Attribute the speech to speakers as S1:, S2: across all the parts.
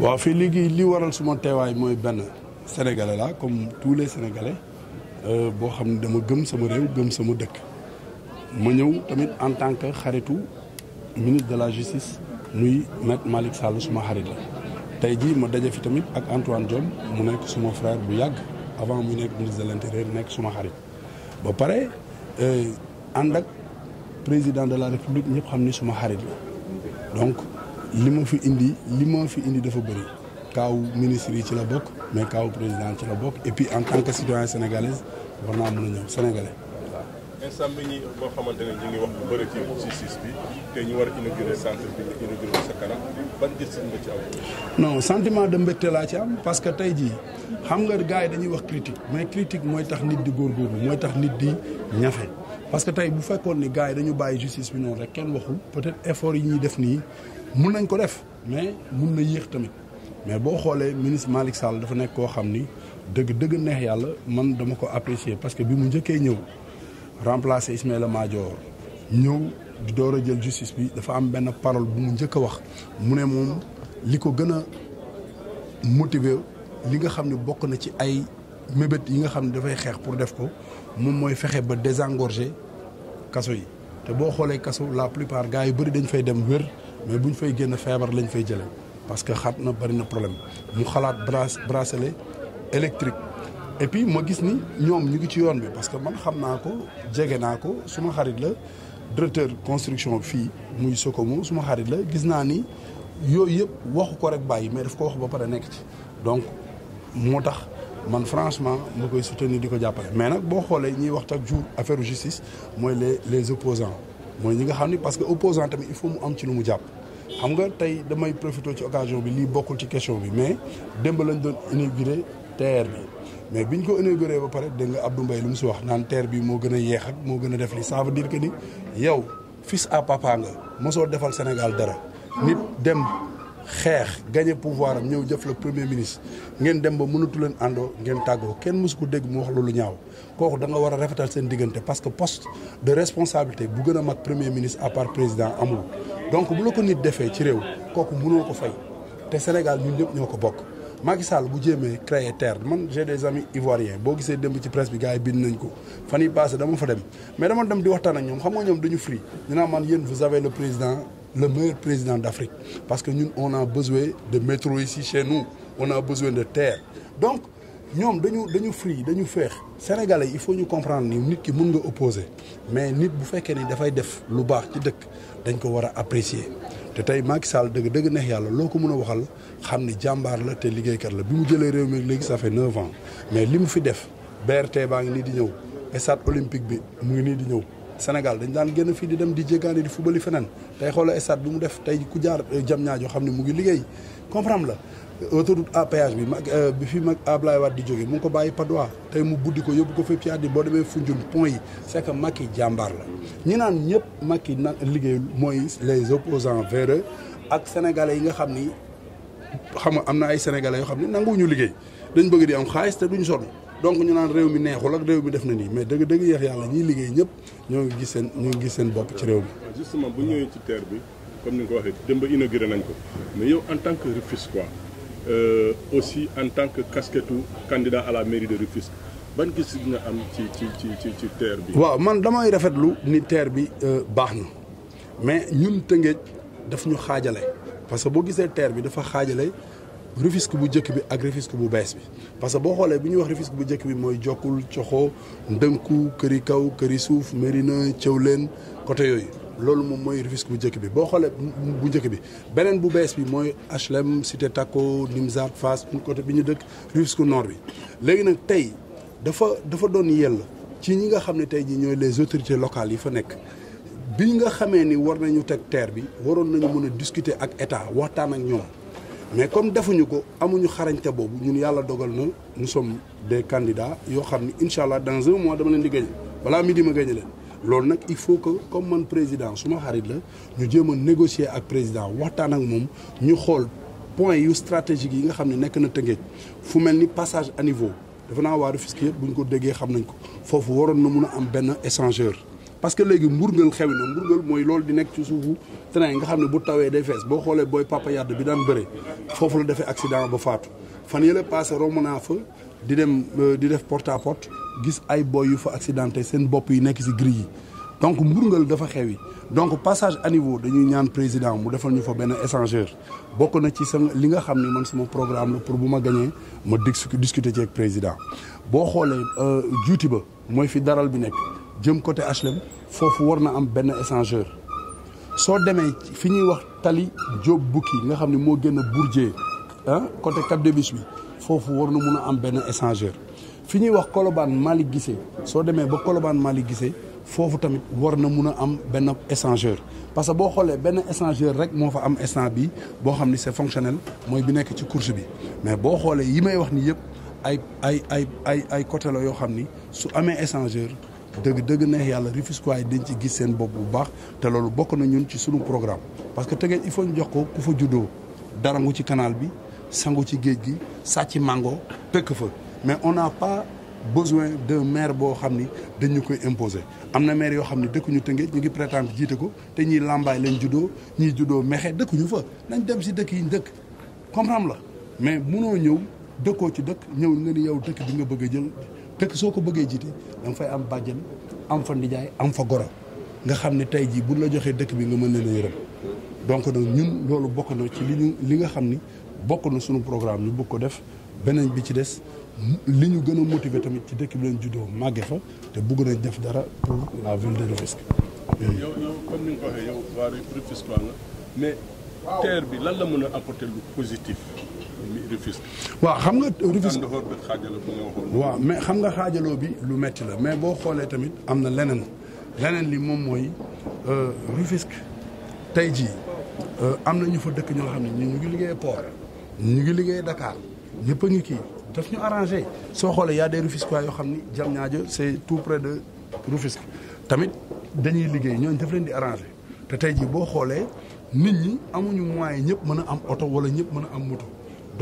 S1: waaw fii léegi li waral suma teewaay mooy benn sénégalais laa comme tous les sénégalais euh, boo xam ne dama gëm sama réew gëm sama dëkk. ma ñëw tamit en tant que xaritu ministre de la justice nuy maître Malick Sall suma xarit la tey jii ma daje fi tamit ak Antoine Diome mu nekk suma frère bu yàgg avant mu nekk ministre de l'intérieur nekk suma xarit ba pare euh, ànd ak président de la république ñëpp xam ni suma xarit la donc. li ma fi indi li ma fi indi dafa bëri kaaw ministre yi ci la bokk mais kaaw président ci la bokk et puis en tant que citoyen sénégalais war naa mën a ñëw sénégalais.
S2: instant bi ñi boo xamante ne ñu ngi wax lu bëri ci justice bi te ñu war a inaugurer centre sa kanam ban gis-gis nga ci
S1: am. non sentiment de mbégte laa ci am parce que tey jii xam nga gars yi dañuy wax critique mais critique mooy tax nit di góorgóorlu mooy tax nit di ñafe. parce que tey bu fekkoon ni gars yi dañu bàyyi justice noonu rek kenn waxul peut-être effort yi ñuy def nii. mun nañ ko def mais mun na yéex tamit mais boo xoolee ministre Malick Sall dafa nekk koo xam ni dëgg dëgg neex yàlla man dama ko apprécier parce que bi mu njëkkee ñëw remplacer Ismaïla Madior ñëw di door a jël justice bi dafa am benn parole bu mu njëkk a wax mu ne moom li ko gën a motiver li nga xam ne bokk na ci ay mébét yi nga xam ne dafay xeex pour def ko moom mooy fexe ba désengorger kaso yi te boo xoolee kaso la plupart gars yi bëri dañ fay dem wér mais bu ñu fay génn feebar lañ fay jëlee parce que xat na bari na problème ñu xalaat bracelet électrique et puis ma gis ni ñoom ñu ngi ci yoon bi parce que man xam naa ko jege naa ko suma xarit la directeur construction fii muy ko mu suma xarit la gis naa ni yooyu yëpp waxu ko rek bàyyi mais daf ko wax ba pare nekk ci donc moo tax man franchement ma koy soutenir di ko jàppale mais nag boo xoolee ñuy wax tak jour affaire justice mooy les les opposants mooy ñi nga xam ni parce que opposant tamit il mu am ci lu mu jàpp xam nga tey damay profité ci occasion bi lii bokkul ci question bi mais démb lañ doon inauguré TER bi mais biñ ko inauguré ba pare dégg nga Abdou Mbaye lu mu si wax naan TER bi moo gën a yeex moo gën a def li ça veut dire que ni yow fils à papa nga mosoo defal Sénégal dara nit dem xeex gagné pouvoir am ñëw jëf la premier ministre ngeen dem ba mënatu leen àndoo ngeen tàggoo kenn mësu ko dégg mu wax lu ñaaw kooku da nga war a rafetal seen diggante parce que poste de responsabilité bu gën a mag premier ministre à part président amul. donc bu la ko nit defee ci réew kooku mënoo ko fay te Sénégal ñun ñëpp ñoo ko bokk Macky Sall bu jéemee créer terre man j'ai des amis ivoiriens boo gisee dem ci presse bi gars yi bind nañ ko fan fa dem mais dama ñoom xam nga ñoom dañu free dinaa man yéen vous avez le meilleur président d'Afrique parce que ñun on a besoin de métro ici chez nous on a besoin de terre donc ñoom dañu dañu free dañu feex sénégalais il faut ñu comprendre ni nit ki mun nga opposer mais nit bu fekkee ni dafay def lu baax ci dëkk dañ ko war a apprécier te tey Macky Sall dëgg dëgg neex yàlla loo ko mën a waxal xam ni jàmbaar la te liggéeykat la bi mu jëlee réew mi léegi ça fait neuf mais li mu fi def BRT baa ngi nii di ñëw stade olympique bi mu ngi nii di ñëw Sénégal dañ daan génn fii di dem di jéggaani di fubali feneen tey xoola stade bi mu def tey ku jaar jam eh, ñaajoo xam ne mu ngi liggéey comprendre la autoroute à péage bi mag euh, bi fi mag Ablaye Wade di jóge mu ngi ko bàyyi Padois tey mu buddi ko yóbbu ko fépp ci àddina boo demee Foundiougne pont yi c'est que Macky jàmbaar la ñi naan ñëpp Macky nag liggéey mooy les opposants véreux ak sénégalais yi nga xam ni xam nga am na ay sénégalais yoo xam ne ñu liggéey dañ bëgg di xaalis te duñ sonn donc ñu naan réew mi neexul ak réew mi def na nii mais dëgg dëgg yeex yàlla ñiy liggéey ñëpp ñoo ngi gis seen ñoo ngi seen bopp ci réew mi.
S2: Ah, justement bu ñëwee ci terre bi comme ni nga ko waxee démb inauguré nañ ko mais yow en tant que Rufisquois euh, aussi en tant que casquette candidat à la mairie de Rufisque ban gis nga am ci ci ci ci terre bi. waaw man damay
S1: rafetlu ni terre bi euh, baax na mais ñun Tëngéej daf ñu xaajale parce que boo gisee terre bi dafa xaajale. Rufisque bu njëkk bi ak Rufisque bu bees bi parce que boo xoolee bi ñuy wax Rufisque bu njëkk bi mooy jokkul coxoo ndënku këri kaw këri suuf Mérina Thiawlène côté yooyu loolu moom mooy Rufisque bu njëkk bi boo xoolee bu njëkk bi beneen bu bees bi mooy HLM Cité Taco Nimzat Fass côté bi ñu dëkk Rufisque noor bi léegi nag tey dafa dafa doon yell ci ñi nga xam ne tey jii ñooy les autorités locales yi fa nekk bi nga xamee ni war nañu teg terre bi waroon nañu mën a discuter ak état waxtaan ak ñoom mais comme defuñu ko amuñu xarañte boobu ñun yàlla dogal na nous sommes des candidats yoo xam ni incha allah dans un mois dama leen di gagné balaa midi ma gagné leen. loolu nag il faut que comme man président suma xarit la ñu jéem a négocier ak président waxtaan ak moom ñu xool point yu stratégique yi nga xam ne nekk na Tëngéej fu mel ni passage à niveau dafa naa waaru fisc yëpp bu ko déggee xam nañ ko foofu waroon na mun a am benn échangeur. parce que léegi mburgal xew na mburgal mooy loolu di nekk ci suufu train nga xam ne bu tawee day fees boo xoolee booy papa yàdd bi daan bëre foofu la defee accident ba faatu fan yële passé romb naa fa di dem euh, di def porte à gis ay boy yu fa accidenté seen bopp yi nekk si gris yi donc mburngal dafa xew yi donc passage à niveau dañuy ñaan président mu defal ñu fa benn échangeur bokk na ci sa li nga xam ni man sama programme la pour bu ma gañee ma discuter ci ak président boo xoolee euh, juuti ba mooy fi daral bi nekk jëm côté HLM foofu war na am benn échangeur soo demee fi ñuy wax tali Diop bukki nga xam ne moo génn Bourdieu ah côté Cap de Biche bi foofu war na mun a am benn échangeur fi ñuy wax Colobane mali Guissé soo demee ba Colobane Malick Guissé foofu tamit war na mun a am benn échangeur parce que boo xoolee benn échangeur rek moo fa am instant bi boo xam ni c'est fonctionnel mooy bi nekk ci course bi mais boo xoolee yi may wax nii yëpp ay ay ay ay ay côté la yoo xam ni su amee échangeur dëgg dëgg neex yàlla Rufisquois yi dañ ci gis seen bopp bu baax te loolu bokk na ñun ci sunu programme parce que tëngéej il faut ñu jox ko ku fa juddoo darangu ci kanaal bi sangu ci géej gi sàcc mango pekk fa mais on n'a pas besoin d'un maire boo xam ni dañ ñu koy imposer am na maire yoo xam ni dëkkuñu tëngéej ñu ngi prétendre jiite ko te ñiy làmbaay lañ juddoo ñiy juddoo mexe dëkkuñu fa nañ dem si dëkk yi ñu dëkk comprendre la mais munoo ñëw dëkkoo ci dëkk ñëw nga ni yow dëkk bi nga bëgg a jël dëkk soo ko bëggee jiite danga fay am bàjjan am fa ndijaay am fa goro nga xam ne tey jii bu la joxee dëkk bi nga mën leen a yërëm donc nag ñun loolu bokk na ci li ñu li nga xam ni bokk na sunu programme ñu bëgg ko def beneen bi ci des li ñu gën a motiver tamit ci dëkk bi leen juddoo màgge fa te bëgg nañ def dara pour la ville de Rufisque.
S2: yow comme ni nga yow waa Rufisque mais terre bi lan la mën a bi lu positif.
S1: waaw xam nga Rufisque waaw mais xam nga xaajaloo bi lu metti la mais boo xoolee tamit am na leneen leneen li moom mooy euh, Rufisque tey jii euh, am na ñu fa dëkk ñoo xam ni ñu ngi liggéey port ñu ngi liggéey Dakar ñëpp a ngi kii daf ñu arrangé soo xoolee y a des Rufisquois yoo xam ni Diamniadio c'est tout près de Rufisque tamit dañuy liggéey ñooñu def leen di arrangé te tey jii boo xoolee nit ñi amuñu moyen ñëpp mën a am oto wala ñëpp mën a am moto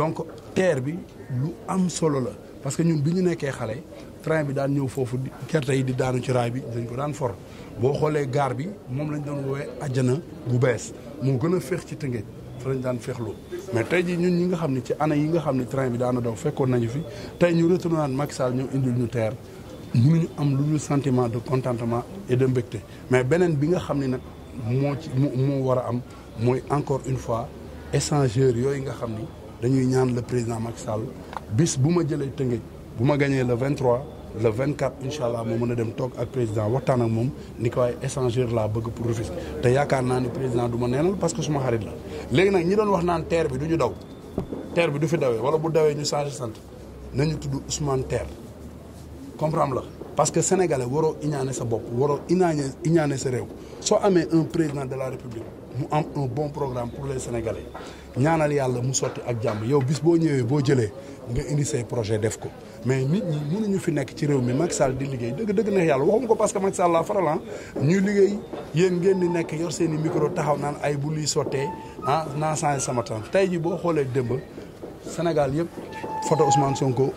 S1: donc terre bi lu am solo la parce que ñun bi ñu nekkee xale train bi daan ñëw foofu gerte yi di daanu ci raay bi dañ ko daan for boo xoolee gaar bi moom lañ doon woowee àjjana bu bees moo gën a feex ci Tëngéej fa lañ daan féexloo mais tey jii ñun ñi nga xam ne ci année yi nga xam ne train bi daana daw fekkoon nañu fi tey ñu retourné naan Macky Sall ñëw indil ñu terre mënuñu am lu ñu sentiment de contentement et de mbégte mais beneen bi nga xam ni nag moo ci moo war a am mooy encore une fois échangeur yooyu nga xam ni dañuy ñaan le président Macky Sall bis bu ma jëlee Tëngéej bu ma gañee le 23 le 24 incha allah moo mën a dem toog ak président waxtaan ak moom ni ko waaye échanger laa bëgg pour Rufisque te yaakaar naa ni président du ma neenal parce que suma xarit la léegi nag ñi doon wax naan terre bi du daw terre bi du fi dawee wala bu dawee ñu changé sant nañu tudd Ousmane Terre am la parce que sénégalais waroo iñaane sa bopp waroo iñaane iñaane sa réew soo amee un président de la république mu am on bon programme pour les sénégalais ñaanal yàlla mu sotti ak jàmm yow bis boo ñëwee boo jëlee nga indi projet def ko mais nit ñi mënuñu fi nekk ci réew mi Macky Sall di liggéey dëgg dëgg neex yàlla waxuma ko parce que Macky Sall laa faral ah. ñuy liggéey yéen ngeen di nekk yor seen i micro taxaw naan ay bu luy sottee ah naa changé sama temps tey ji boo xoolee démb Sénégal yëpp photo Ousmane Sonko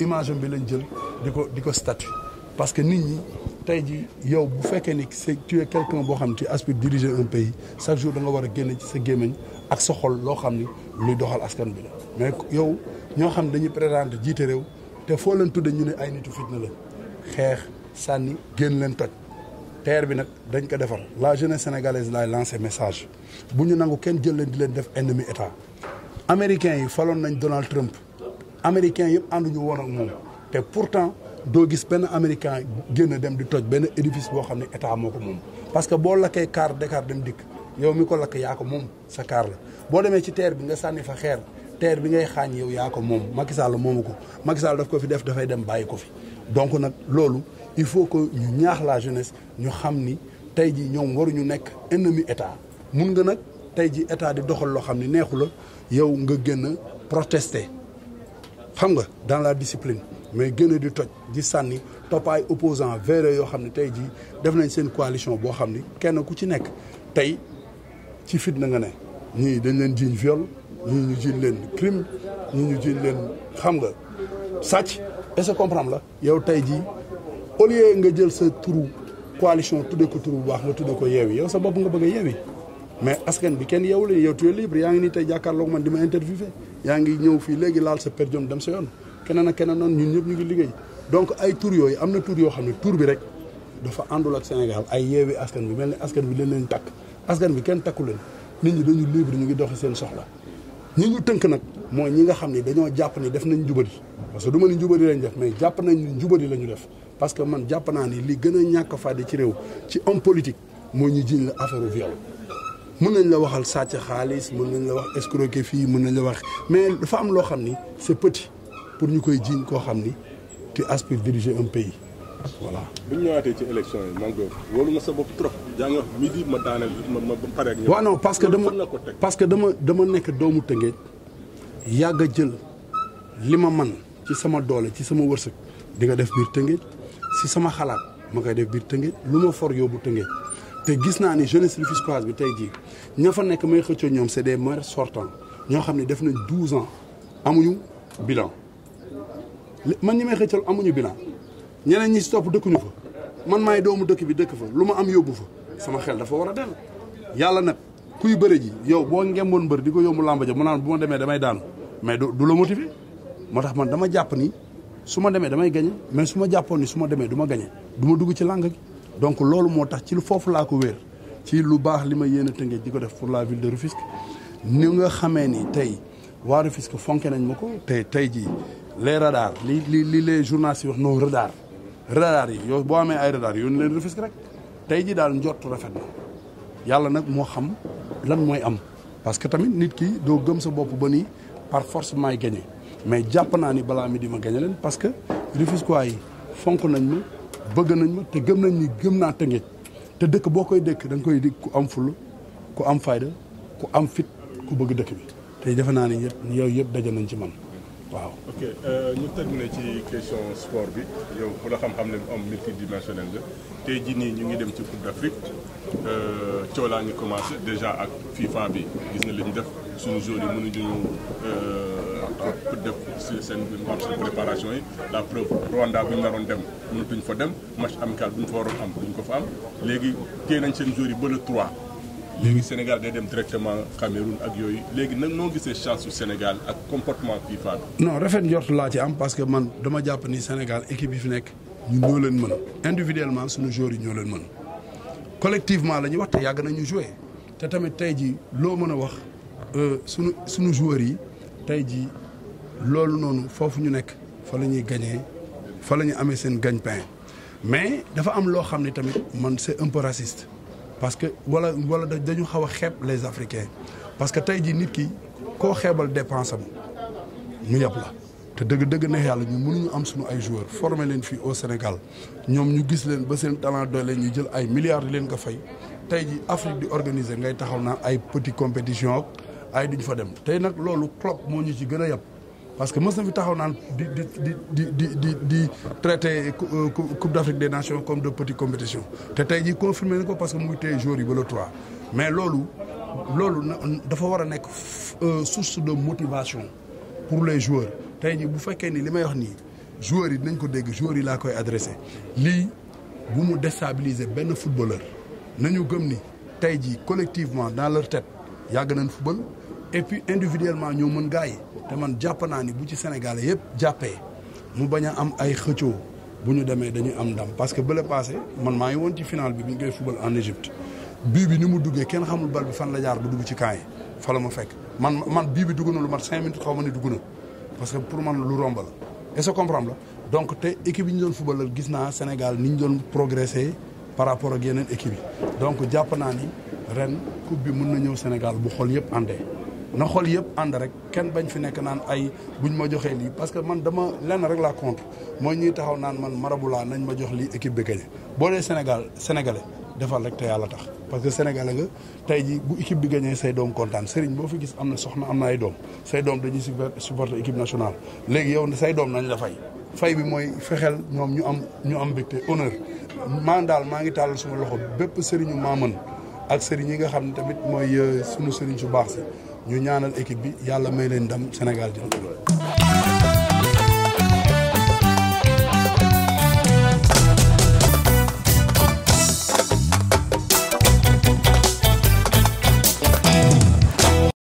S1: image bi lañ jël di ko di ko statut parce que nit ñi. tey ji yow bu fekkee ni c'est tu es boo xam ne tu aspires diriger un pays chaque jour da nga war a génne ci sa gémmiñ ak sa xol loo xam ni luy doxal askan bi la mais yow ñoo xam dañuy prétendre jiite réew te foo leen tudde ñu ne ay nitu fitna la xeex sànni génn leen toj terre bi nag dañ ko defar la jeunesse sénégalaise laay lancé message bu ñu nangu kenn jël leen di leen def ennemi état américains yi faloon nañ Donald Trump américains yëpp ànd woon ak moom te doo gis benn américain génn dem di toj benn édifice boo xam ne état moo ko moom parce que boo lakkee car Dakar dem dikk yow mi ko lakk yaa ko moom sa car la boo demee ci terre bi nga sànni fa xeer terre bi ngay xaañ yow yaa ko moom Macky Sall moomu ko Macky Sall daf ko fi def dafay dem bàyyi ko fi donc nag loolu il faut que ñu ñaax la jeunesse ñu xam ni tey ji ñoom waruñu nekk ennemi état mun nga nag tey ji état di doxal loo xam ne neexu la yow nga gën a xam nga dans la discipline mais gën di toj di sànni toppaay opposant véreux yoo xam ne tey jii def nañ seen coalition boo xam ni kenn ku ci nekk tey ci fit na nga ne ñii dañ leen jiiñ viol ñii ñu jiiñ leen crime ñii ñu jiiñ leen xam nga sàcc est-ce que la yow tey jii au lieu nga jël sa turu coalition tudde ko turu bu baax nga tudde ko yeewi yow sa bopp nga bëgg a yeewi mais askan bi kenn yeewu leen yow tu es libre yaa ngi nii tey jàkkaarloog man di ma interviewé yaa ngi ñëw fii léegi laal sa perjom dem sa yoon keneen ak keneen noonu ñun ñëpp ñu ngi liggéey donc ay tur yooyu am na tur yoo xam ne tur bi rek dafa àndul ak Sénégal ay yeewi askan bi mel ni askan bi leen leen takk askan bi kenn takku leen nit ñi dañu libre ñu ngi doxi seen soxla ñi ñu tënk nag mooy ñi nga xam ne dañoo jàpp ni def nañ jubadi parce que du ma ni jubadi lañ def mais jàpp nañ ni jubadi la ñu def parce que man jàpp naa ni li gën a ñàkk fàddi ci réew ci om politique moo ñu jiñ la affaire viol mën nañ la waxal sàcc xaalis mën nañ la wax escroquer fii mën nañ la wax mais dafa am loo xam ni c'est petit pour ñu koy jiiñ koo xam ni tu aspires diriger un pays
S2: voilà. bu ñu ñëwaatee ci élection yi man wóolu nga sa bopp trop. ma daaneel ma ma pare ak ñoom. waaw non parce dama
S1: parce que dama dama nekk doomu Tëngéej yàgg a jël li ma man ci sama doole ci sama wërsëg di nga def biir Tëngéej si sama xalaat ma koy def biir Tëngéej lu ma for yóbbu Tëngéej te gis naa ni jeunesse rufisquoise bi tey jii ña fa nekk may xëccoo ñoom c'est des maires sortants ñoo xam ne def nañ douze ans amuñu bilan. man ñi may xëccal amuñu bilan ñeneen ñi si topp dëkkuñu fa man maay doomu dëkk bi dëkk fa lu ma am yóbbu fa sama xel dafa war a dell yàlla nag kuy bëre ji yow boo ngemboon mbër di ko yóbbu làmba ja mu naan bu ma demee damay daanu mais du la motiver moo tax man dama jàpp ni su ma demee damay gañe mais su ma jàppoon ni su ma demee du ma gañe du ma dugg ci làng gi donc loolu moo tax ci lu foofu laa ko wér ci lu baax li ma yéen a tënkee di ko def pour la ville de Rufisque ni nga xamee ni tey waa Rufisque fonke nañ ma ko tey tey jii les radars li li li les journalistes yi wax non radar radar yi yow boo amee ay radar yónni leen Rufisque rek tey ji daal njott rafet na yàlla nag moo xam lan mooy am parce que tamit nit ki doo gëm sa bopp ba nii par force may gagné mais jàpp naa ni balaa mi di ma gagné leen parce que Rufisquois yi fonk nañ ma bëgg nañ ma te gëm nañ ni gëm naa Tëngéej te dëkk boo koy dëkk da koy dig ku am ful ku am fayda ku am fit ku bëgg dëkk bi tey defe naa ni yëpp yow yëpp daje nañ ci man
S2: waaw ok euh, ñu terminer ci question sport bi yow ku la xam-xam ne am multidimensionnel nga tey jii nii ñu ngi dem ci Coupe d'Afrique euh, coolaa ngi commencé déjà ak FIFA bi gis na li ñu def suñu joueurs yi mënuñu euh, def seen seen préparation yi la preuve Rwanda bu ñu naroon dem mënatuñ fa dem match amical bu ñu fa waroon am duñ ko fa am léegi téye nañ seen joueurs yi ba le léegi Sénégal day dem directement Cameroun ak yooyu léegi nag noo gisee chance su Sénégal ak comportement
S1: FIFA bi. non rafet njort laa ci am parce que man dama jàpp ni Sénégal équipe yi fi nekk ñu ñoo leen mën individuellement suñu joueurs yi ñoo leen mën collectivement la ñuy wax yàgg nañu jouer te tamit tey jii loo mën a wax euh, suñu suñu joueurs yi tey jii loolu noonu foofu ñu nekk fa la ñuy gañee fa la ñuy amee seen gagne-pain mais dafa am loo xam ne tamit man c'est un parce que wala wala dañu xaw a xeeb les africains parce que tey jii nit ki koo xeebal dépense am ñu yàpp la. te dëgg dëgg neex yàlla ñu ñu am suñu ay joueurs forme leen fii au Sénégal ñoom ñu gis leen ba seen talent doole ñu jël ay milliards di leen ko fay tey ji Afrique di organiser ngay taxaw naa ay petit compétition ak ay duñ fa dem tey nag loolu Klopp moo ñu ci gën a yàpp parce que mës na fi taxaw naan di di di di di di traité euh, coupe d' Afrique nation comme de petite compétition te tey jii confirmé na ko parce que mu ngi téye jour yi ba le 3 mais loolu loolu na dafa war a nekk euh, source de motivation pour les joueurs tey jii bu fekkee nii li may wax nii joueurs yi dinañ ko dégg joueurs yi laa koy adressé lii bu mu déstabiliser benn footballeur nañu gëm ni tey jii collectivement dans leur tête yàgg nañ football et puis individuellement ñoo mën gars yi te man jàpp naa ni bu ci Sénégalais yëpp jàppee mu bañ a am ay xëccoo bu ñu demee dañuy am ndam parce que bële passé man maa ngi woon ci final bi bi ñu koy fubal en Égypte bii bi ni mu duggee kenn xamul bal bi fan la jaar bu dugg ci camp yi fa la ma fekk man man bii bi dugg na lu mat cinq minutes ma ni dugg na parce que pour man lu romb la est la donc te équipe yi ñu doon footballal gis naa Sénégal ni ñu doon progresser par rapport ak yeneen équipe yi donc jàpp naa ni ren coupe bi mën na ñëw Sénégal bu xool yëpp àndee na xool yëpp ànd rek kenn bañ fi nekk naan ay buñ ma joxee lii parce que man dama lenn rek laa contre mooy ñuy taxaw naan man marabula nañ ma jox lii équipe bi gagné boo dee Sénégal sénégalais defal rek te yàlla tax parce que sénégalais nga tey ji bu équipe bi gagné say doom kontaan Serigne boo fi gis am na soxna am na ay doom say doom dañuy supporter équipe nationale léegi yow say doom nañ la fay fay bi mooy fexeel ñoom ñu am ñu am mbégte honneur maan daal maa ngi tàllal suma loxo bépp sëriñu maaman ak sëriñ yi nga xam ne tamit mooy euh, sunu sëriñ su baax si ñu ñaanal équipe bi yàlla may leen ndam Sénégal dina